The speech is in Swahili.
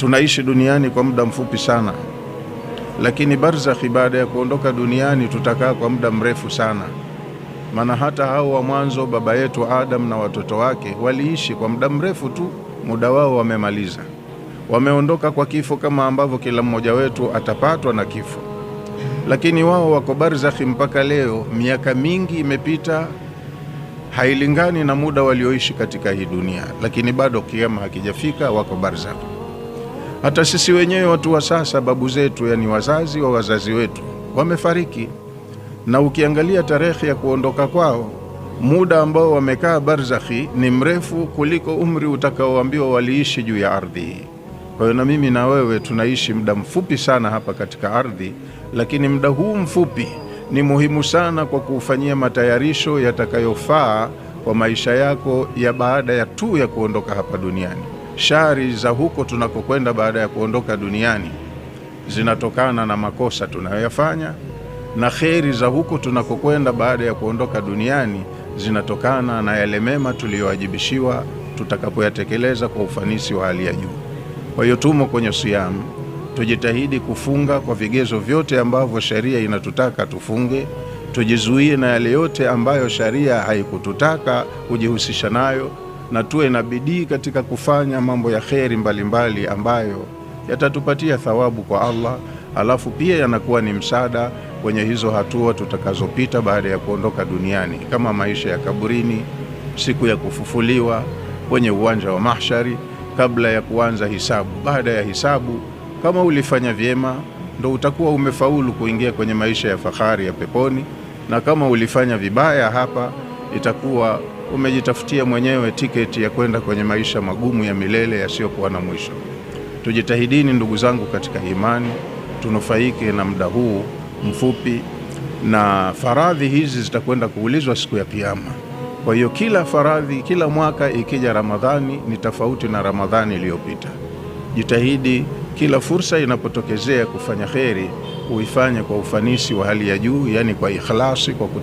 tunaishi duniani kwa muda mfupi sana, lakini barzakhi, baada ya kuondoka duniani tutakaa kwa muda mrefu sana. Maana hata hao wa mwanzo, baba yetu Adam na watoto wake waliishi kwa muda mrefu tu, muda wao wamemaliza, wameondoka kwa kifo, kama ambavyo kila mmoja wetu atapatwa na kifo. Lakini wao wako barzakhi mpaka leo, miaka mingi imepita, hailingani na muda walioishi katika hii dunia, lakini bado kiama hakijafika, wako barzakhi. Hata sisi wenyewe watu wa sasa, babu zetu, yani wazazi wa wazazi wetu wamefariki, na ukiangalia tarehe ya kuondoka kwao, muda ambao wamekaa barzakhi ni mrefu kuliko umri utakaoambiwa waliishi juu ya ardhi hii. Kwa hiyo na mimi na wewe tunaishi muda mfupi sana hapa katika ardhi, lakini muda huu mfupi ni muhimu sana kwa kuufanyia matayarisho yatakayofaa kwa maisha yako ya baada ya tu ya kuondoka hapa duniani shari za huko tunakokwenda baada ya kuondoka duniani zinatokana na makosa tunayoyafanya, na kheri za huko tunakokwenda baada ya kuondoka duniani zinatokana na yale mema tuliyowajibishiwa tutakapoyatekeleza kwa ufanisi wa hali ya juu. Kwa hiyo tumo kwenye siamu, tujitahidi kufunga kwa vigezo vyote ambavyo sharia inatutaka tufunge, tujizuie na yale yote ambayo sharia haikututaka kujihusisha nayo na tuwe na bidii katika kufanya mambo ya kheri mbalimbali ambayo yatatupatia thawabu kwa Allah, alafu pia yanakuwa ni msaada kwenye hizo hatua tutakazopita baada ya kuondoka duniani, kama maisha ya kaburini, siku ya kufufuliwa, kwenye uwanja wa mahshari, kabla ya kuanza hisabu. Baada ya hisabu, kama ulifanya vyema, ndo utakuwa umefaulu kuingia kwenye maisha ya fahari ya peponi, na kama ulifanya vibaya hapa, itakuwa umejitafutia mwenyewe tiketi ya kwenda kwenye maisha magumu ya milele yasiyokuwa na mwisho. Tujitahidini ndugu zangu katika imani, tunufaike na muda huu mfupi, na faradhi hizi zitakwenda kuulizwa siku ya Kiyama. Kwa hiyo kila faradhi, kila mwaka ikija Ramadhani ni tofauti na Ramadhani iliyopita. Jitahidi kila fursa inapotokezea kufanya kheri, uifanye kwa ufanisi wa hali ya juu, yani kwa ikhlasi, kwa kutaka